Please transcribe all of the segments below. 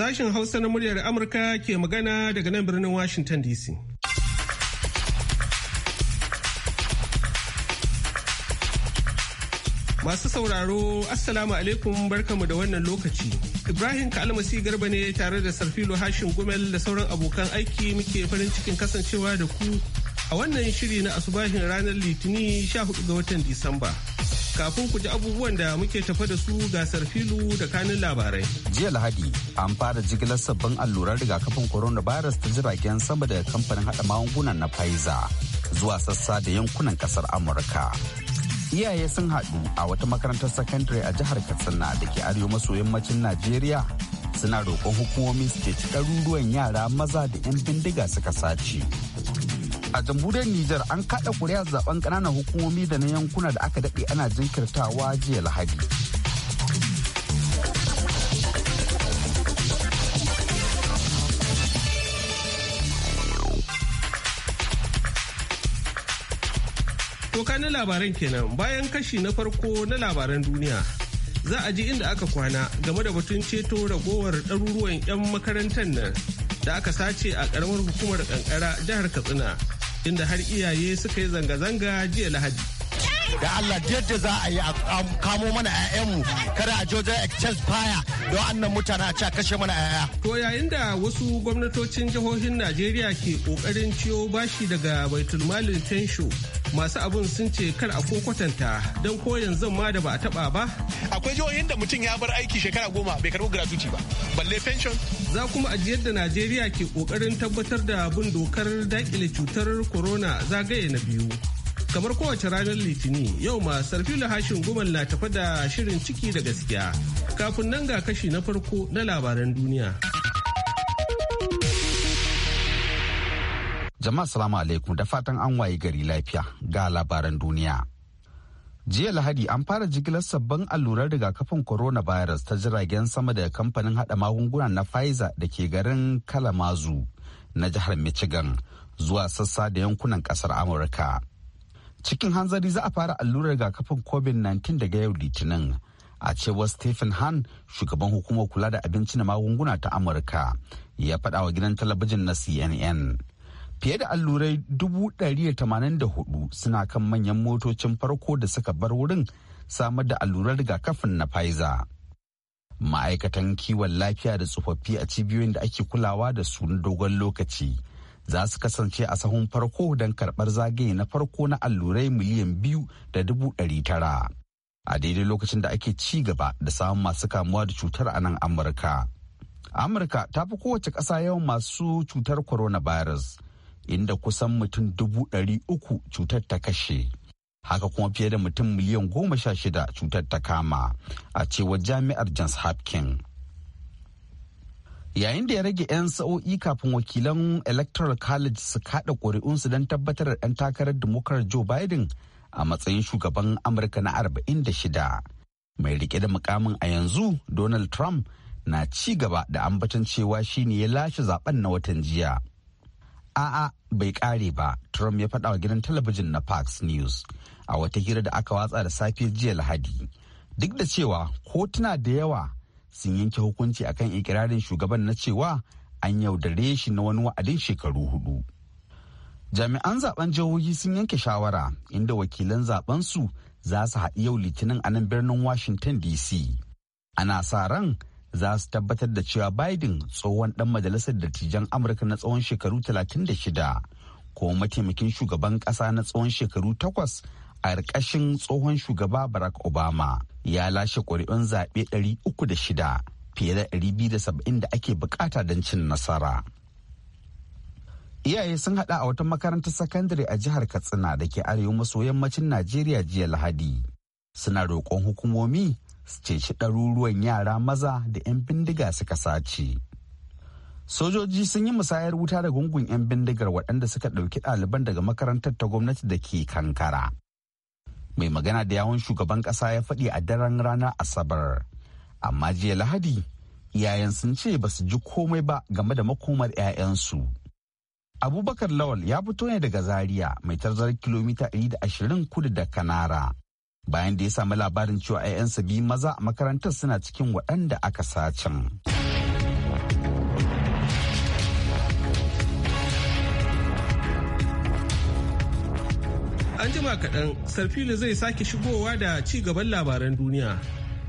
Sashen Hausa na muryar Amurka ke magana daga nan birnin Washington DC. Masu sauraro, Assalamu alaikum barkamu da wannan lokaci. Ibrahim Kalmasi Garba ne tare da Sarfilo Hashin Gumel da sauran abokan aiki muke farin cikin kasancewa da ku a wannan shiri na asubahin ranar Litini 14 ga watan Disamba. kafin ku ji abubuwan da muke tafa da su gasar filu da kanin labarai. Jiya Lahadi an fara jigilar sabbin allurar rigakafin coronavirus ta jiragen sama daga kamfanin haɗa magungunan na Pfizer zuwa sassa da yankunan ƙasar Amurka. Iyaye sun haɗu a wata makarantar sakandare a jihar Katsina da ke arewa maso yammacin Najeriya suna roƙon hukumomi su ci ƙaruruwan yara maza da 'yan bindiga suka sace. a jamhuriyar Nijar an kada kuri'ar zaben kananan hukumomi da na yankuna da aka daɗe ana jinkirtawa jiya Lahadi. toka na labaran kenan bayan kashi na farko na labaran duniya. Za a ji inda aka kwana game da batun ceto ragowar ɗaruruwan 'yan makarantar nan da aka sace a ƙaramar hukumar ƙanƙara jihar Katsina. inda har iyaye suka yi zanga-zanga jiya lahadi da Allah yadda za a yi a kamo mana 'ya'yanmu kada a jojo exchange fire don annan mutane a kashe mana 'ya'ya. To yayin da wasu gwamnatocin jihohin Najeriya ke ƙoƙarin ciyo bashi daga baitulmalin tensho masu abin sun ce kar a kwatanta don koyan zan ma da ba a taba ba. Akwai jihohin da mutum ya bar aiki shekara goma bai karɓi gratuity ba, balle pension. Za kuma ajiyar da Najeriya ke ƙoƙarin tabbatar da bin dokar dakile cutar corona zagaye na biyu. Kamar kowace ranar litini yau ma Sarfilu Hashin Gumal na tafa da shirin ciki da gaskiya. Kafin nan ga kashi na farko na labaran duniya. Jama'a salamu alaikum da fatan an waye gari lafiya ga labaran duniya. Jiya Lahadi an fara jigilar sabbin allurar rigakafin coronavirus ta jiragen sama da kamfanin hada magunguna na Pfizer da ke garin kalamazu na jihar Michigan zuwa sassa da yankunan kasar Amurka. Cikin hanzari za a fara allurar rigakafin COVID-19 daga yau Litinin. a cewar stephen han shugaban hukumar kula da abinci na magunguna ta amurka ya faɗa wa gidan talabijin na cnn fiye da allurai 184 suna kan manyan motocin farko da suka bar wurin samar da allurar rigakafin na Pfizer. Ma'aikatan kiwon lafiya da tsofaffi a cibiyoyin da ake kulawa da su na dogon lokaci za su kasance a sahun farko don karɓar zagaye na farko na allurai miliyan biyu da dubu ɗari tara. A daidai lokacin da ake ci gaba da samun masu kamuwa da cutar a nan Amurka. Amurka ta fi kowace ƙasa yawan masu cutar coronavirus. inda kusan mutum dubu ɗari uku cutar ta kashe. Haka kuma fiye da mutum miliyan goma sha shida cutar ta kama a cewa jami'ar Johns Hopkins. Yayin da ya rage 'yan sa'o'i kafin wakilan Electoral College su kaɗa ƙuri'unsu don tabbatar da ɗan takarar Democrat Joe Biden a matsayin shugaban Amurka na 46. Mai rike da mukamin a yanzu Donald Trump na ci gaba da ambaton cewa shine ya lashe zaben na watan jiya a'a bai kare ba trump ya faɗa wa gidan talabijin na fox news a wata hira da aka watsa da safe jiya lahadi duk da cewa kotuna da yawa sun yanke hukunci akan ikirarin shugaban na cewa an yaudare shi na wani wa'adin shekaru hudu jami'an zaben jihohi sun yanke shawara inda wakilan zaben su za su haɗi yau litinin a nan birnin washington dc ana sa ran za su tabbatar da cewa Biden tsohon ɗan majalisar dattijan Amurka na tsawon shekaru 36 ko mataimakin shugaban ƙasa na tsawon shekaru 8 a ƙarƙashin tsohon shugaba Barack Obama ya lashe ƙuri'un zaɓe 306 fiye da 270 da ake bukata don cin nasara. Iyaye sun haɗa a wata makarantar sakandare a jihar Katsina da ke arewa maso yammacin Najeriya jiya Lahadi. Suna roƙon hukumomi ceci ɗaruruwan yara maza da 'yan bindiga suka sace. Sojoji sun yi musayar wuta da gungun 'yan bindigar waɗanda suka ɗauki ɗaliban daga makarantar ta gwamnati da ke kankara. Mai magana da yawon shugaban ƙasa ya faɗi a daren ranar Asabar. Amma jiya Lahadi, iyayen sun ce ba su ji komai ba game da makomar 'ya'yansu. Abubakar Lawal ya fito ne daga Zaria mai tarzar kilomita 120 kudu da Kanara. bayan da ya sami labarin cewa 'ya'yansa sabi maza a makarantar suna cikin waɗanda aka sacin. An jima kaɗan, Sarfilu zai sake shigowa da ci gaban labaran duniya.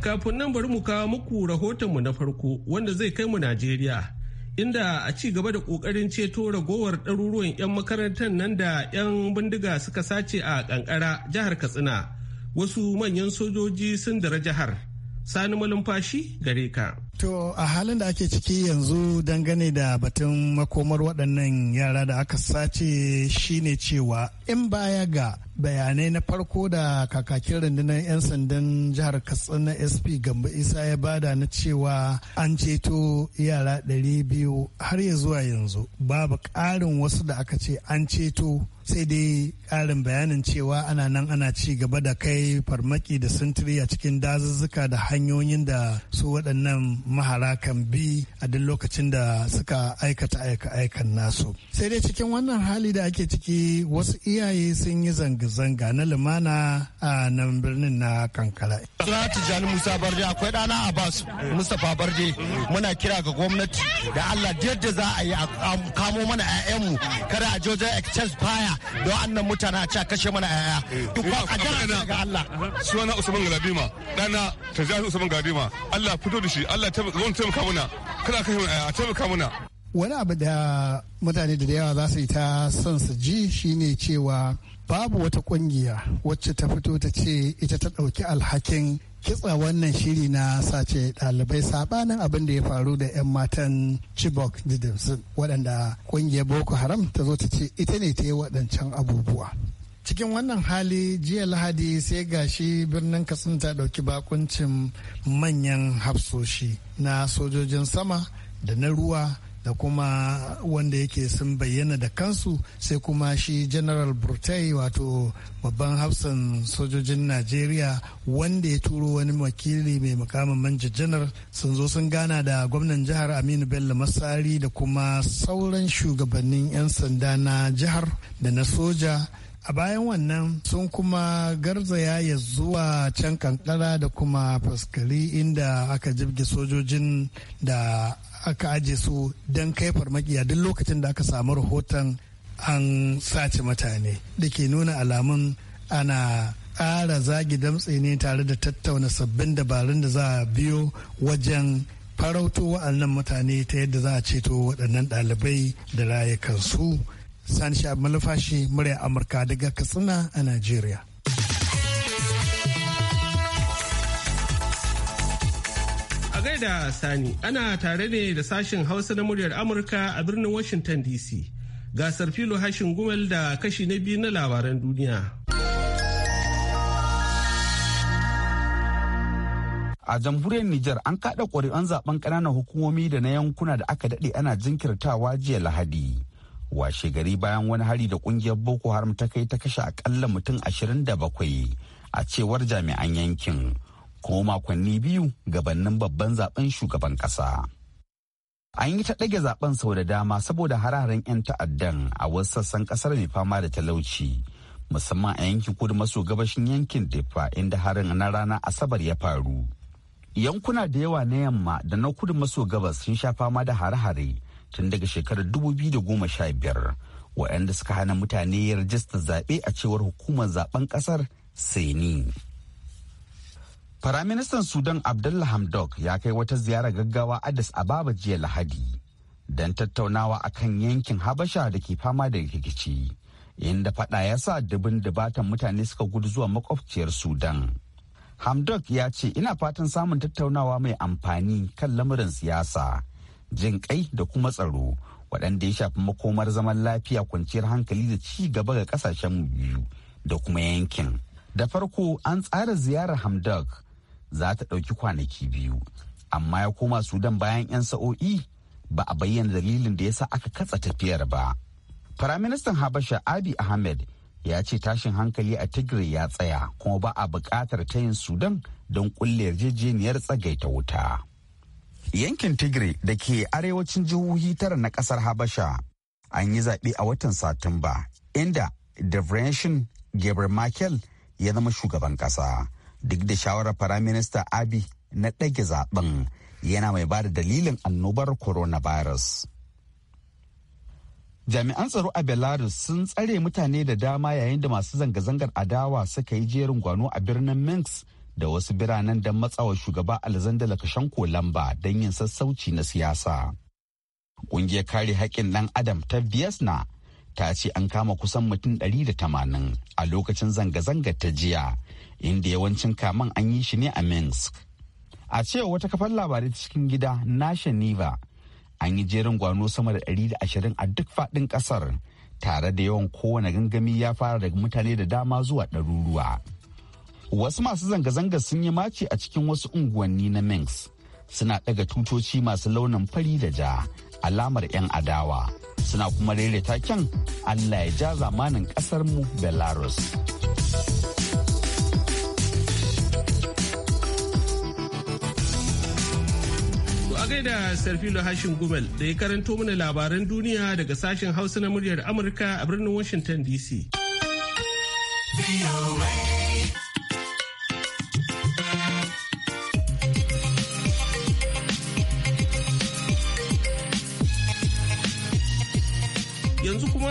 Kafin nan bari mu kawo muku rahotonmu na farko wanda zai kai mu Najeriya. inda a ci gaba da ƙoƙarin ceto ragowar ɗaruruwan 'yan makarantar nan da 'yan bindiga suka sace a ƙanƙara jihar katsina wasu manyan sojoji sun dara jihar sani malumfashi gare ka to a halin da ake ciki yanzu dangane da batun makomar waɗannan yara da aka sace shine cewa in baya ga bayanai na farko da kakakin rundunar 'yan sandan jihar katsina sp gamba isa ya bada na cewa an ceto yara 200 har ya zuwa yanzu babu ƙarin wasu da aka ce an ceto sai dai karin bayanin cewa ana nan ana ci gaba da kai farmaki da sintiri a cikin dazuzzuka da hanyoyin da su waɗannan mahara kan bi a duk lokacin da suka aikata aika-aikan nasu sai dai cikin wannan hali da ake ciki wasu iyaye sun yi zanga-zanga na lumana a nan birnin na kankara tijjani musa barde akwai ɗana abbas mustapha barde muna kira ga gwamnati da allah yadda za a yi a kamo mana 'ya'yanmu kada a jojo exchange fire don annan mutane a cika kashe mana yaya eh, a ajiyar ga Allah suna Usman Galadima dana Tajahi Usman Galadima Allah fito da shi Allah ta taimaka mana kada kashe mana yaya taimaka mana wani abu da mutane da yawa za su yi ta son su ji shine cewa babu wata kungiya wacce ta fito ta ce ita ta ɗauki alhakin kitsa wannan shiri na sace ɗalibai sabanin abin da ya faru da 'yan matan chibok didimsin waɗanda ƙungiyar boko haram ta zo ta ce ita ne ta yi waɗancan abubuwa cikin wannan hali jiya lahadi sai gashi birnin katsina ta ɗauki bakuncin manyan hafsoshi na sojojin sama da na ruwa da kuma wanda yake sun bayyana da kansu sai kuma shi general burtai wato babban hafsan sojojin najeriya wanda ya turo wani wakili mai mukamin manja janar sun zo sun gana da gwamnan jihar aminu bello masari da kuma sauran shugabannin 'yan sanda na jihar da na soja a bayan wannan sun kuma garzaya ya zuwa can kankara da kuma faskari inda aka jibge sojojin da aka aje su don kai farmaki a duk lokacin da aka samu rahoton an sace mutane da ke nuna alamun ana ƙara zagi damtse ne tare da tattauna sabbin dabarun da za a biyo wajen farauto wa'annan mutane ta yadda za a ceto waɗannan ɗalibai da rayukansu. Sani Sha'ab Malafashi murya Amurka daga Katsina a Najeriya. A gaida Sani ana tare ne da sashen Hausa na muryar Amurka a birnin Washington DC. Gasar filo hashin gumel da kashi na biyu na labaran duniya. a jamhuriyar Nijar an kaɗa ƙuri'un zaben ƙananan hukumomi da na yankuna da aka daɗe ana jinkirtawa jiya Lahadi. washe gari bayan wani hari da kungiyar boko haram ta kai ta kashe akalla mutum ashirin da bakwai a cewar jami'an yankin kuma makonni biyu gabanin babban zaben shugaban kasa an yi ta ɗage zaben sau da dama saboda hararen 'yan ta'addan a wasu sassan kasar mai fama da talauci musamman a yankin kudu maso gabashin yankin defa inda harin na rana asabar ya faru yankuna da yawa na yamma da na kudu maso gabas sun sha fama da hare-hare tun daga shekarar 2015 waɗanda suka hana mutane ya rajista zaɓe a cewar hukumar zaben ƙasar seni Firaministan Sudan Abdullah Hamdok ya kai wata ziyara gaggawa Addis Ababa jiya Lahadi don tattaunawa a kan yankin Habasha da ke fama da rikici, inda faɗa ya sa dubin dubatan mutane suka gudu zuwa makwabciyar Sudan. Hamdok ya ce ina fatan samun tattaunawa mai amfani kan lamurin siyasa jin kai da kuma tsaro waɗanda ya shafi makomar zaman lafiya kwanciyar hankali da ci gaba ga kasashen biyu da kuma yankin da farko an tsara ziyarar hamdok za ta ɗauki kwanaki biyu amma ya koma sudan bayan 'yan sa'o'i ba a bayyana dalilin da ya sa aka katsa tafiyar ba firaministan habasha abi ahmed ya ce tashin hankali a tigray ya tsaya kuma ba a buƙatar yin sudan don kulle yarjejeniyar tsagaita wuta yankin tigray da ke arewacin jihohi tara na kasar habasha an yi zaɓe a watan satumba inda devrenshin gabriel Makel ya zama shugaban ƙasa duk da shawarar firaminista abi na ɗage zaɓen yana mai ba da dalilin annobar coronavirus jami'an tsaro a belarus sun tsare mutane da dama yayin da masu zanga-zangar adawa suka yi jerin gwano a birnin minsk da wasu biranen don matsawar shugaba alexander lukashenko lamba don yin sassauci na siyasa ƙungiyar kare haƙƙin ɗan adam ta viesna ta ce an kama kusan mutum 180 a lokacin zanga-zangar ta jiya inda yawancin kaman an yi shi ne a minsk a cewa wata kafar labarai ta cikin gida nasha niva an yi jerin gwano sama da 120 a duk faɗin ƙasar tare da yawan kowane gangami ya fara daga mutane da dama zuwa ɗaruruwa. wasu masu zanga-zanga sun yi maci a cikin wasu unguwanni na minx suna daga tutoci masu launin fari da ja alamar 'yan adawa suna kuma rere taken allah ya ja zamanin mu belarus da Sarfilo Hashin Gumel da ya karanto mana labaran duniya daga sashen Hausa na muryar Amurka a birnin Washington DC.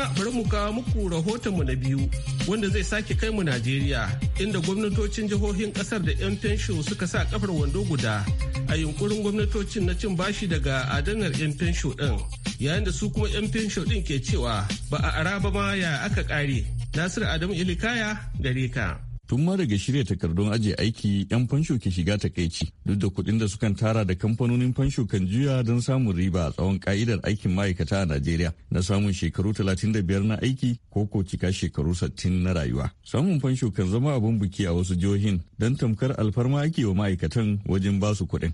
kuma bari mu kawo muku rahoton mu na biyu wanda zai sake kai mu Najeriya inda gwamnatocin jihohin kasar da 'yan fensho suka sa kafar wando guda a yunkurin gwamnatocin na cin bashi daga adanar 'yan fensho din yayin da su kuma 'yan fensho din ke cewa ba a araba ma ya aka kare Nasiru Adamu Ilikaya gare ka. tun ma daga shirya takardun ajiye aiki 'yan fansho ke shiga takaici duk da kuɗin da sukan tara da kamfanonin fansho kan juya don samun riba a tsawon ka'idar aikin ma'aikata a najeriya na samun shekaru talatin da biyar na aiki ko ko cika shekaru 60 na rayuwa samun fansho kan zama abin biki a wasu jihohin don tamkar alfarma ake wa ma'aikatan wajen basu kuɗin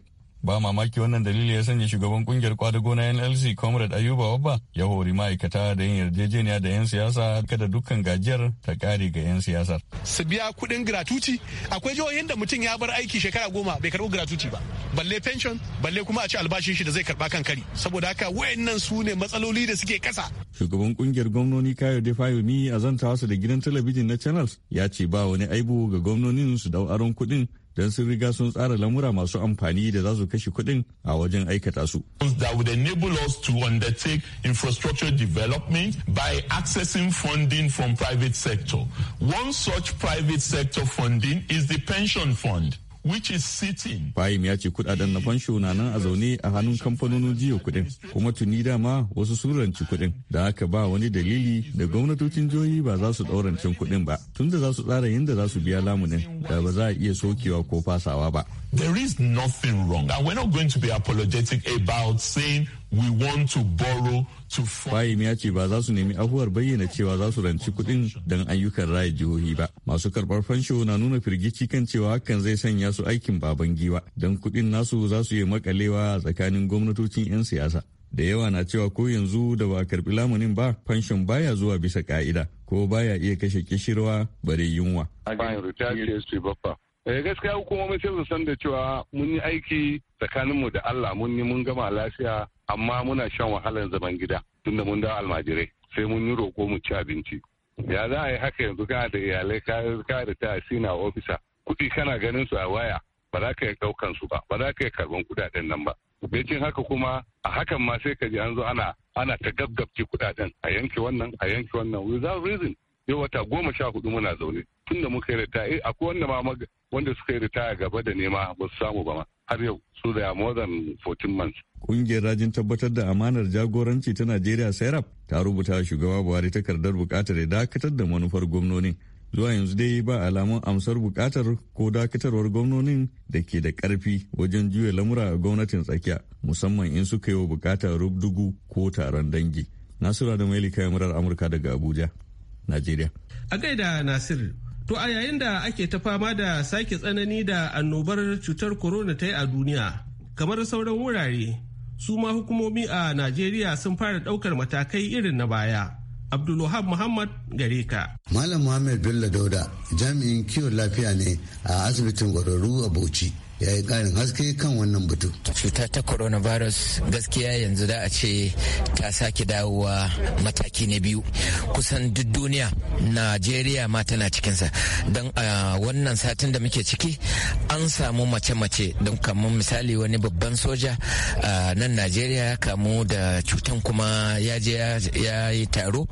ba mamaki wannan dalili ya sanya shugaban kungiyar kwadago na nlc comrade ayuba wabba ya hori ma'aikata da yin yarjejeniya da 'yan siyasa kada dukkan gajiyar ta kare ga 'yan siyasar su biya kuɗin gratuti akwai jihohin da mutum ya bar aiki shekara goma bai karɓi gratuti ba balle pension balle kuma a ci albashin shi da zai karɓa kan kari saboda haka wayannan su ne matsaloli da suke ƙasa shugaban kungiyar gwamnoni kayo de fayomi a zanta wasu da gidan talabijin na channels ya ce ba wani aibu ga gwamnonin su dau aron kuɗin don sun riga sun tsara lamura masu amfani da za su kashe kuɗin a wajen aikata su. That would enable us to undertake infrastructure development by accessing funding from private sector. One such private sector funding is the pension fund. which is sitting. Fahim ya ce kudaden na fansho na nan a zaune a hannun kamfanonin jiyo kudin kuma tuni dama wasu suranci kudin da aka ba wani dalili da gwamnatocin jihohi ba za su daurancin kudin ba tunda za su tsara yadda za su biya lamunin da ba za a iya sokewa ko fasawa ba. There is nothing wrong. And we're not going to be apologetic about saying we want to borrow to Fahim ya ce ba za su nemi abuwar bayyana cewa za su ranci kuɗin don ayyukan raya jihohi ba. Masu karɓar fansho na nuna firgici kan cewa hakan zai sanya su aikin baban giwa don kuɗin nasu za su yi makalewa tsakanin gwamnatocin 'yan siyasa. Da yawa na cewa ko yanzu da ba karɓi lamunin ba fanshon baya zuwa bisa ka'ida ko baya iya kashe kishirwa bare yunwa. eh gaskiya hukumomi sai su san da cewa mun yi aiki tsakaninmu da Allah mun yi mun gama lafiya amma muna shan wahalar zaman gida tunda mun da almajirai sai mun yi roƙo mu ci abinci ya za a yi haka yanzu ka da iyalai ka da ta sina ofisa kuɗi kana ganin su a waya ba za ka yi ɗaukan su ba ba za ka yi karɓan kuɗaɗen nan ba bincin haka kuma a hakan ma sai ka ji an zo ana ana ta gaggabci kuɗaɗen a yanke wannan a yanke wannan without reason yau wata goma sha hudu muna zaune tun da muka yi ritaya eh, akwai wanda ma wanda suka yi ritaya gaba da nema ba su samu ba ma har yau su da more than 14 months. Kungiyar rajin tabbatar da amanar jagoranci ta Najeriya Serap ta rubuta shugaba Buhari takardar bukatar da dakatar da manufar gwamnonin. Zuwa yanzu dai ba alamun amsar bukatar ko dakatarwar gwamnonin da ke da karfi wajen juya lamura a gwamnatin tsakiya musamman in suka yi wa bukatar rubdugu ko taron dangi. nasiru da Maili kayan murar Amurka daga Abuja, Najeriya. A gaida Nasir, To a yayin da ake ta fama da sake tsanani da annobar cutar corona ta yi a duniya, kamar sauran wurare, su ma hukumomi a Najeriya sun fara ɗaukar matakai irin na baya. Abdulwahab Muhammad gare ka. Malam Muhammad Bello Dauda jami'in kiwon lafiya ne a asibitin kwararru a Bauchi. ya yi ƙarin haske kan wannan batu. cuta ta coronavirus gaskiya yanzu da a ce ta sake dawowa mataki na biyu kusan duk duniya najeriya ma tana cikinsa don a wannan satin da muke ciki an samu mace-mace don kamar misali wani babban soja a nan najeriya ya kamu da cutan kuma ya je ya yi taro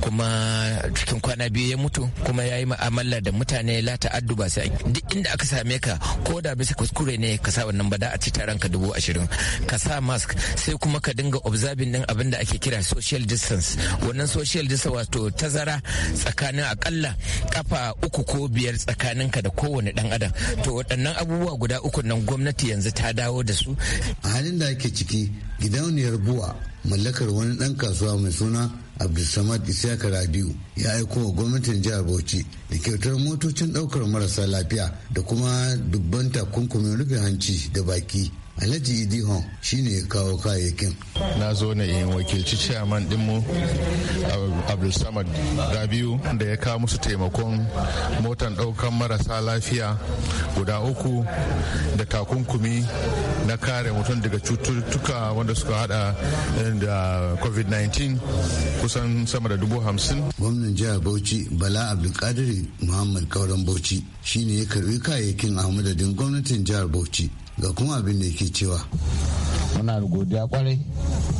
kuma cikin kwana biyu ya mutu kuma ya yi ma'amala da mutane la ta'addu ba sai duk inda aka same ka ko da bisa kuskure ne ka sa wannan bada a ci taron ka dubu ashirin ka sa mask sai kuma ka dinga observing din abin da ake kira social distance wannan social distance wato tazara tsakanin akalla kafa uku ko biyar tsakanin ka da kowane dan adam to waɗannan abubuwa guda uku nan gwamnati yanzu ta dawo da su a halin da ake ciki gidauniyar buwa mallakar wani dan kasuwa mai suna abdulsamad isiyaka Rabiu ya aiko wa gwamnatin jihar bauchi da kyautar motocin daukar marasa lafiya da kuma dubban takunkumin rufe hanci da baki alhaji hon shine ya kawo kayayyakin na zo na yin wakilci chairman dinmu abdulsamad rabiu da ya kawo musu taimakon motan daukan marasa lafiya guda uku da takunkumi na kare mutum daga cututtuka wanda suka hada eh, da covid-19 kusan sama da dubu hamsin gwamnan jihar bauchi bala abdulkadir muhammad kauran bauchi shine ya karbi kayayyakin a gwamnatin jihar bauchi ga kuma abin da yake cewa muna godiya kwarai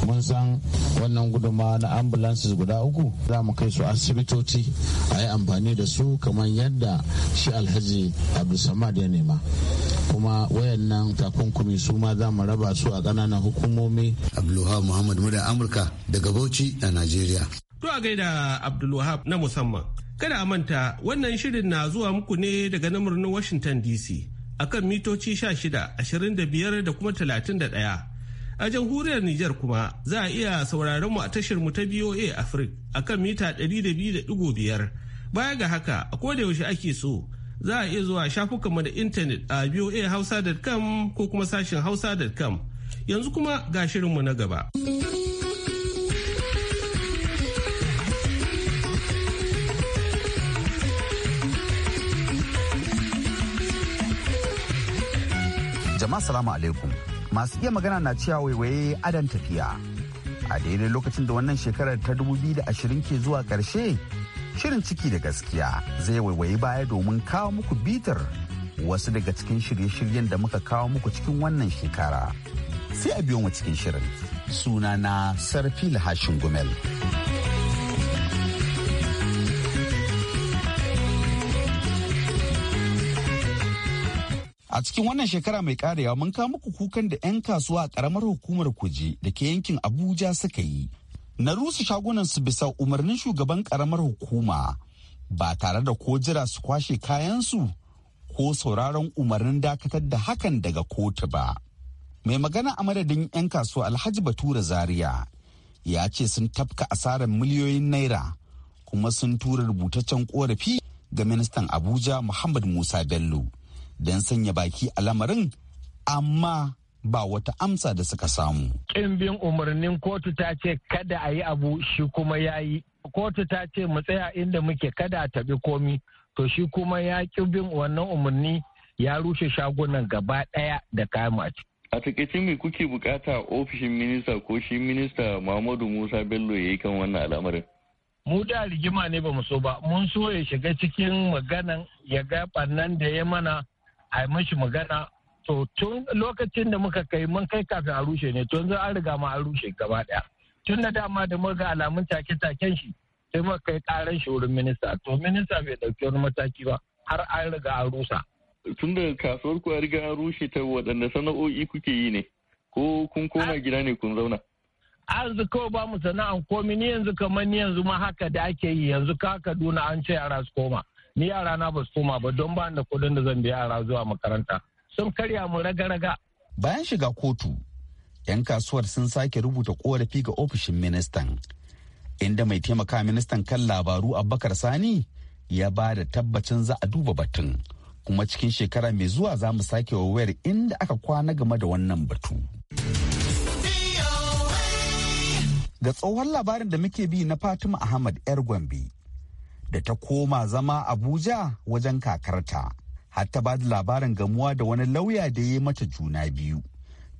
mun san wannan guduma na ambulances guda uku za mu kai su asibitoci a yi amfani da su kamar yadda shi alhaji abdulsamad ya nema kuma wayannan takunkumi su ma za mu raba su a ƙananan hukumomi abdulwahab muhammad muda amurka daga bauchi a najeriya to a gaida abdulwahab na musamman kada a manta wannan shirin na zuwa muku ne daga nan washington dc akan mitoci 16, 25 da kuma 31. A jamhuriyar Nijar kuma za a iya sauraron mu a tashar mu ta BOA Africa akan mita 200.5. Baya ga haka, a koda yaushe ake so za a iya zuwa shafukanmu da intanet a boa Hausa.com ko kuma sashin hausa.com. Yanzu kuma ga shirinmu na gaba. jama'a salamu alaikum masu iya magana na cewa waiwaye adan tafiya a daidai lokacin da wannan shekarar ta dubu da ashirin ke zuwa karshe shirin ciki da gaskiya zai waiwayi baya domin kawo muku bitar wasu daga cikin shirye-shiryen da muka kawo muku cikin wannan shekara sai a biyo mu cikin shirin sunana sarfil hashin gumel. A cikin wannan shekara mai karewa mun kawo muku kukan da 'yan kasuwa a karamar hukumar Kuji da ke yankin Abuja suka yi. Na rusa shagunan su bisa umarnin shugaban karamar hukuma ba tare da ko jira su kwashe kayansu ko sauraron umarnin dakatar da hakan daga kotu ba. Mai magana a madadin 'yan kasuwa Alhaji Batura Zaria ya ce sun tafka asarar miliyoyin naira kuma sun tura rubutaccen korafi ga ministan Abuja Muhammad Musa Bello. don sanya baki a lamarin amma ba wata amsa da suka samu. ƙimbin bin umarnin kotu ta ce kada a yi abu shi kuma ya yi. Kotu ta ce mu tsaya inda muke kada a taɓi komi. To shi kuma ya ƙi bin wannan umarni ya rushe shagunan gaba ɗaya da kama A takaicin mai kuke bukata ofishin minista ko shi minista Muhammadu Musa Bello ya yi kan wannan al'amarin? Mu da rigima ne ba mu so ba, mun so ya shiga cikin maganan ya ga ɓannan da ya mana a yi mashi magana to tun lokacin da muka kai mun kai kafin a rushe ne to yanzu an riga ma an rushe gaba daya tun na dama da muka alamun take-taken shi sai muka kai karan shi wurin minista to minista bai dauki wani mataki ba har an riga an rusa tun da kasuwar ku riga an rushe ta waɗanne sana'o'i kuke yi ne ko kun koma gida ne kun zauna yanzu kawai ba mu sana'an komi ni yanzu kamar ni yanzu ma haka da ake yi yanzu ka kaduna an ce yara su koma ni yara na ba su koma ba don ba da kudin da zan biya yara zuwa makaranta sun karya mu raga-raga. Bayan shiga kotu, 'yan kasuwar sun sake rubuta korafi ga ofishin ministan, inda mai taimaka ministan kan labaru Abubakar Sani ya ba da tabbacin za a duba batun, kuma cikin shekara mai zuwa za mu sake wayar inda aka kwana game da wannan batu. Ga tsohon labarin da muke bi na Fatima Ahmad 'yar Gombe. da ta koma zama Abuja wajen kakarta. Hatta ba da labarin gamuwa da wani lauya da ya yi mata juna biyu.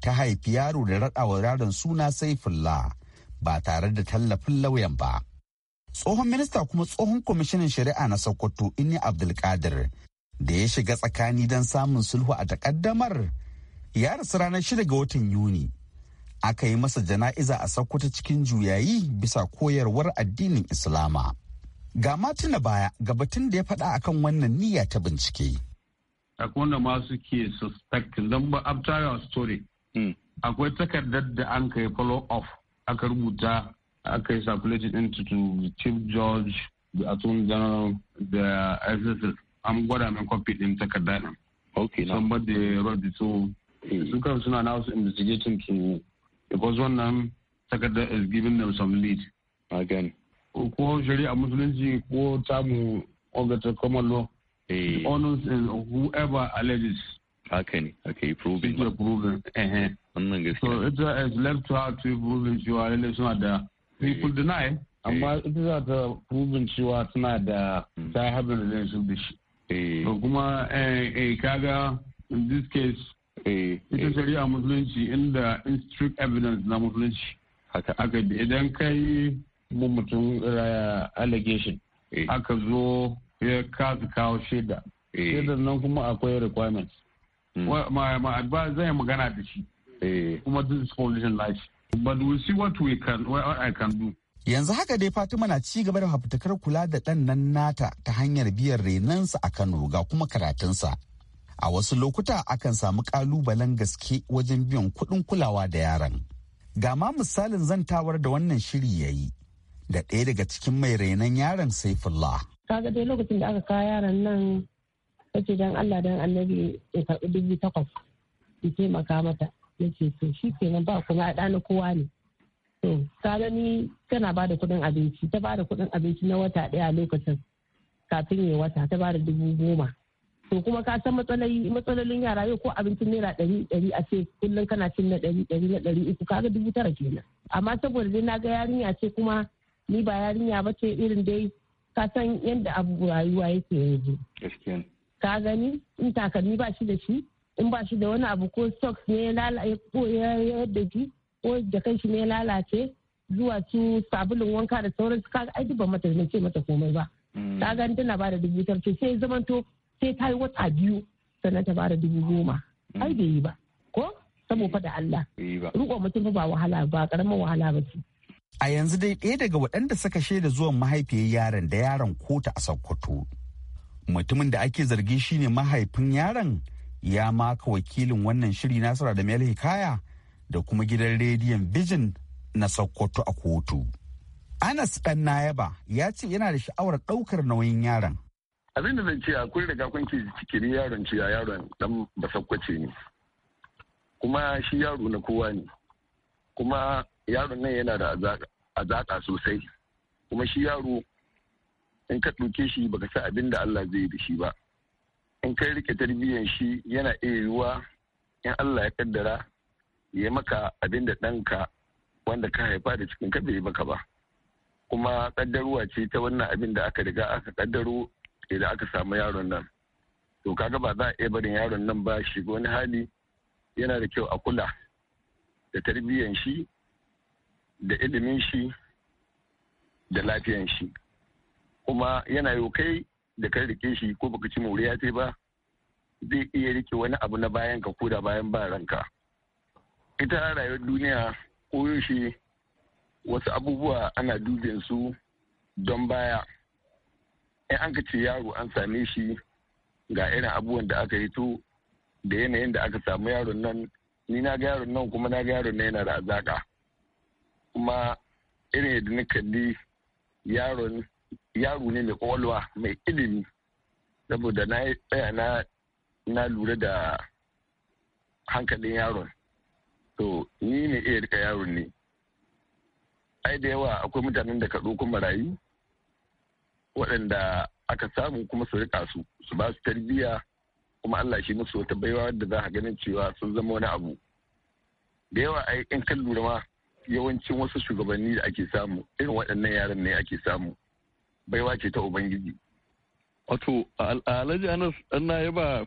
Ta haifi yaro da raɗawa yaron suna Saifullah ba tare da tallafin lauyan ba. Tsohon minista kuma tsohon kwamishinan shari'a na Sokoto Inni Abdulkadir da ya shiga tsakani don samun sulhu a takaddamar ya rasu ranar shida ga watan Yuni. Aka yi masa jana'iza a Sokoto cikin juyayi bisa koyarwar addinin Islama. Ga matuna baya ga batun da ya faɗa akan wannan niyya ta bincike. Akwai wanda ma suke suspect don ba after your story. Hmm. Akwai takardar da an kai follow up aka rubuta aka yi circulated into to chief judge the attorney general da SSS an gwada min kwafi din takarda nan. Okay, na. Somebody da it so hmm. su kan suna na wasu investigating to because wannan takardar is giving them some lead. Again. ko shari'a musulunci ko tamu ogata common law eh honors and whoever alleges haka ne aka yi proving ba proving eh eh wannan gaskiya so it is left to her to proving cewa lalle suna da people eh. deny amma eh. ita za ta proving cewa suna da hmm. ta haɓar relationship da shi eh to kuma eh eh kaga in this case eh ita eh. shari'a musulunci inda in strict evidence na musulunci haka aka idan kai mu mutum eh, allegation eh. aka zo ya kasa kawo shaida eh. shaidar nan kuma akwai requirements hmm. zai magana da shi kuma this is life but we see what we can what I can do yanzu haka dai fatima na ci gaba da fafutukar kula da ɗan nan nata ta hanyar biyan renansa a kano ga kuma karatunsa a wasu lokuta akan samu kalubalen gaske wajen biyan kuɗin kulawa da yaran ga ma misalin zantawar da wannan shiri yayi. da ɗaya daga cikin mai renon yaron saifullah kaga dai lokacin da aka kawo yaron nan kace dan Allah dan annabi ya karɓi dubu takwas ya taimaka mata na ce to shi kenan ba kuma ɗa na kowa ne to ka gani tana ba da kuɗin abinci ta ba da kuɗin abinci na wata ɗaya lokacin kafin ya wata ta ba da dubu goma to kuma ka san matsalolin yara yau ko abincin naira ɗari ɗari a ce kullum kana cin na ɗari ɗari na ɗari uku kaga dubu tara kenan amma saboda dai na ga yarinya ce kuma ni ba yarinya ba ce irin dai ka san yadda abu rayuwa yake yanzu ka gani in takalmi ba shi da shi in ba shi da wani abu ko socks ne ya da shi ko da kan shi ne ya lalace zuwa su sabulun wanka da sauran su kaga ai ba mata ce mata komai ba ta mm. gani tana ba da dubu tarce sai zamanto sai ta yi wata biyu sannan ta ba da dubu goma mm. ai bai yi ba ko fa da Allah riko mutum ba wahala ba ƙaramin wahala ba ce A yanzu dai ɗaya daga waɗanda suka shaida zuwan mahaifiyar yaron da yaron kota a Sokoto. Mutumin da ake zargi shine mahaifin yaron ya maka wakilin wannan shiri Nasara da Mel Hikaya da kuma gidan rediyon bijin na Sokoto a kotu. Anas ɗan Nayaba ya ce yana da sha'awar ɗaukar nauyin yaron. Abin da zan ce akwai riga kun cikin yaron ce yaron dan basakwace ne. Kuma shi yaro na kowa ne. Kuma yaron nan yana da azaka sosai kuma shi yaro in ka ɗauke shi baka sa abin da Allah zai da shi ba in kai rike tarbiyyar shi yana iya yiwuwa in Allah ya kaddara ya maka abin da ɗanka wanda ka haifa da cikin kabe bai maka ba kuma kaddaruwa ce ta wannan abin da aka riga aka kaddaro da aka samu yaron nan to kaga ba za a iya barin yaron nan ba shi wani hali yana da kyau a kula da tarbiyyan shi da ilimin shi da lafiyan shi kuma yana yau kai da kai rike shi ko baka ci moriya ce ba zai iya rike wani abu na bayan ka ko da bayan ba ranka ita rayuwar duniya koyo shi wasu abubuwa ana dubin su don baya in an ka ce yaro an same shi ga irin abubuwan da aka yi to da yanayin da aka samu yaron nan ni na ga yaron nan kuma na ga yaron nan yana da azaka kuma irin yadda na kalli yaro ne mai kwakwalwa mai ilimi saboda na tsaya na lura da hankalin yaron to ni ne iya rika yaron ne ai da yawa akwai mutanen da ka ɗauko marayu waɗanda aka samu kuma su rika su su ba su tarbiyya kuma Allah shi musu wata baiwa da za a ganin cewa sun zama wani abu da yawa ai in kan lura ma yawancin wasu shugabanni da ake samu irin waɗannan yaran ne ake samu baiwa ce ta ubangiji wato alhaji anas na yaba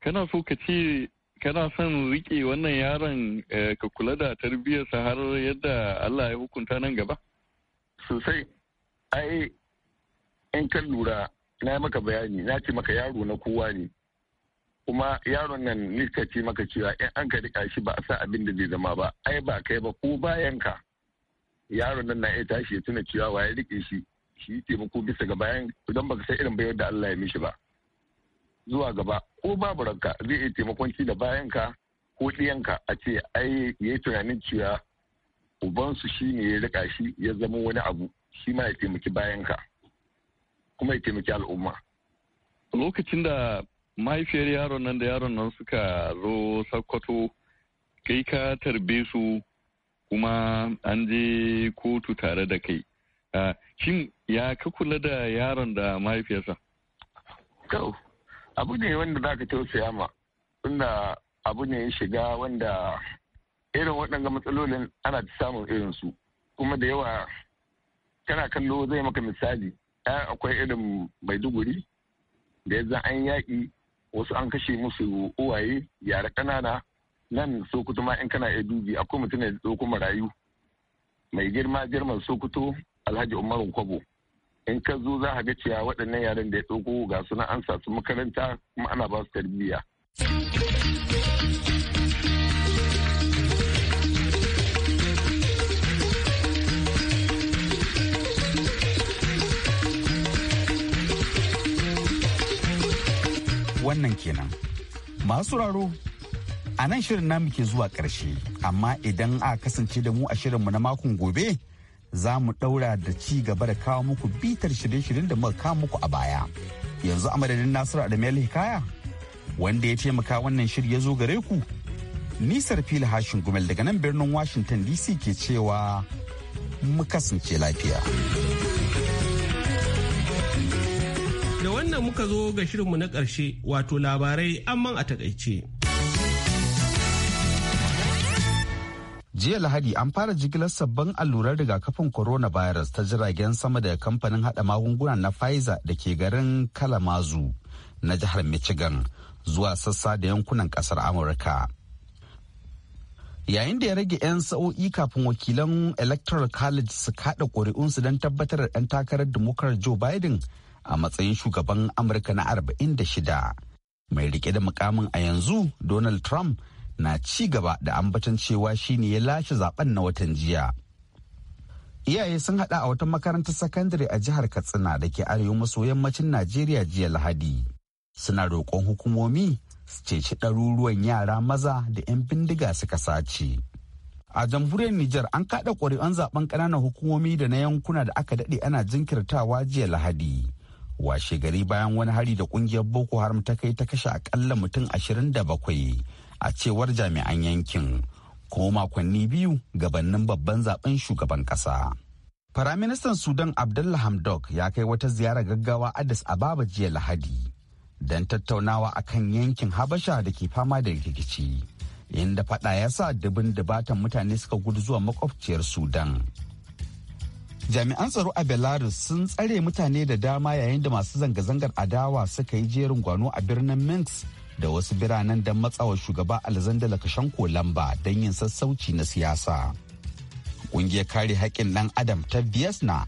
kana so ka ce kana son rike wannan yaron eh, ka kula da tarbiyyarsa har yadda allah ya hukunta nan gaba sosai ai in kan lura na maka bayani na ce maka yaro na kowa ne kuma yaron nan niska ce maka cewa in an ka rika shi ba a sa abin da zai zama ba ai ba kai ba ko bayan ka yaron nan na iya tashi ya tuna cewa wa ya rike shi shi yi taimako bisa ga bayan idan baka san irin bayar da Allah ya mishi ba zuwa gaba ko babu ranka zai iya taimakon ci da bayan ka ko ɗiyanka a ce ai ya yi tunanin cewa ubansu shi ne ya rika shi ya zama wani abu shi ma ya taimaki bayan ka kuma ya taimaki al'umma lokacin da mahaifiyar yaron nan da yaron nan suka zo sakkwato kai ka tarbe su kuma an je kotu tare da kai ah, shin ya ka kula da yaron da mahaifiyarsa kawo abu ne wanda za ka tausaya ma tunda abu ne ya shiga wanda irin waɗanga matsalolin ana ta samun irinsu kuma da yawa kana kallo zai maka misali akwai irin maiduguri da ya an yaƙi wasu an kashe musu uwaye yara kanana nan sokoto ma in kana iya dubi akwai mutum da ɗauko marayu mai girma girman sokoto alhaji umaru kwabo in ka zo za a ga cewa waɗannan yaren da ya ɗauko ga suna an sa su makaranta kuma ana ba su tarbiyya. wannan kenan. Masu raro, a nan shirin namu ke zuwa ƙarshe, amma idan a kasance da mu a shirinmu na makon gobe, za mu ɗaura da ci gaba da kawo muku bitar shirye-shiryen da muka kawo muku a baya. Yanzu a madadin Nasiru Adamu Hikaya, wanda ya taimaka wannan shirya zo gare ku. Nisar fili hashin gumel daga nan birnin Washington DC ke cewa mu kasance lafiya. nan muka zo ga shirinmu na ƙarshe wato labarai amman a takaice. jiya lahadi an fara jigilar sabbin allurar rigakafin coronavirus ta jiragen sama daga kamfanin hada magunguna na pfizer da ke garin kalamazu na jihar michigan zuwa sassa da yankunan kasar amurka yayin da ya rage 'yan sa'o'i kafin wakilan electoral college su kada ƙuri'unsu don tabbatar da ɗan takarar democrat joe biden a matsayin shugaban amurka na 46 mai rike da mukamin a yanzu donald trump na ci gaba da ambatan cewa shine ya lashe zaben na watan jiya iyaye sun hada a wata makarantar sakandare a jihar katsina da ke arewa maso yammacin najeriya jiya lahadi suna roƙon hukumomi su ceci ɗaruruwan yara maza da 'yan bindiga suka sace a jamhuriyar Nijar an kaɗa ƙuri'un zaben ƙananan hukumomi da na yankuna da aka daɗe ana jinkirtawa jiya lahadi washe gari bayan wani hari da kungiyar boko haram ta kai ta kashe akalla mutum ashirin 27 a cewar jami'an yankin kuma makonni biyu gabanin babban zaben shugaban kasa firaministan sudan abdullah hamdok ya kai wata ziyara gaggawa addis ababa jiya lahadi don tattaunawa a kan yankin habasha da ke fama da rikici inda fada ya sa dubin dubatan mutane suka gudu zuwa makwabciyar sudan jami'an tsaro a belarus sun tsare mutane da dama yayin da masu zanga-zangar adawa suka yi jerin gwano a birnin minsk da wasu biranen don matsawar shugaba alexander lukashenko lamba don yin sassauci na siyasa ƙungiyar kare haƙƙin ɗan adam ta biasna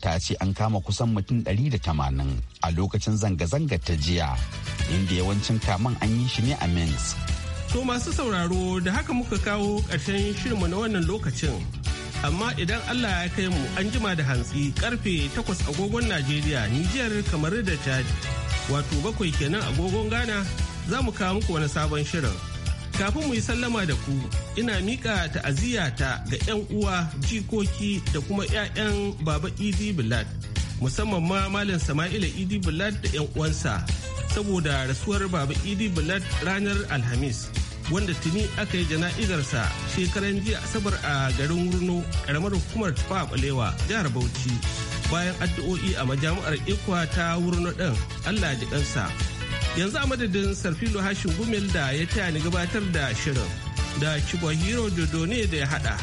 ta ce an kama kusan mutum 180 a lokacin zanga-zangar ta jiya inda yawancin kaman an yi shi ne a minsk to masu sauraro da haka muka kawo ƙarshen shirinmu na wannan lokacin amma idan Allah ya kai mu an jima da hantsi karfe 8 agogon Najeriya Nijiyar kamar da Chad wato bakwai kenan agogon Ghana za mu kawo muku wani sabon shirin kafin mu yi sallama da ku ina miƙa ta'aziyata ga 'yan uwa jikoki da kuma 'ya'yan baba idi bilad musamman ma malam sama'ila idi bilad da 'yan uwansa saboda rasuwar baba idi bilad ranar alhamis wanda tuni aka yi jana'izarsa shekaran jiya asabar a garin wurno karamar hukumar tufa balewa jihar bauchi bayan addu'o'i a majami'ar ikwa ta wurno din allah ji kansa yanzu a madadin sarfilo hashin gumel da ya taya ni gabatar da shirin da hero dodo ne da ya hada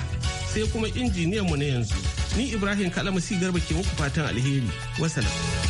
sai kuma injiniyan mu na yanzu ni ibrahim kalamasi garba ke muku fatan alheri wasalam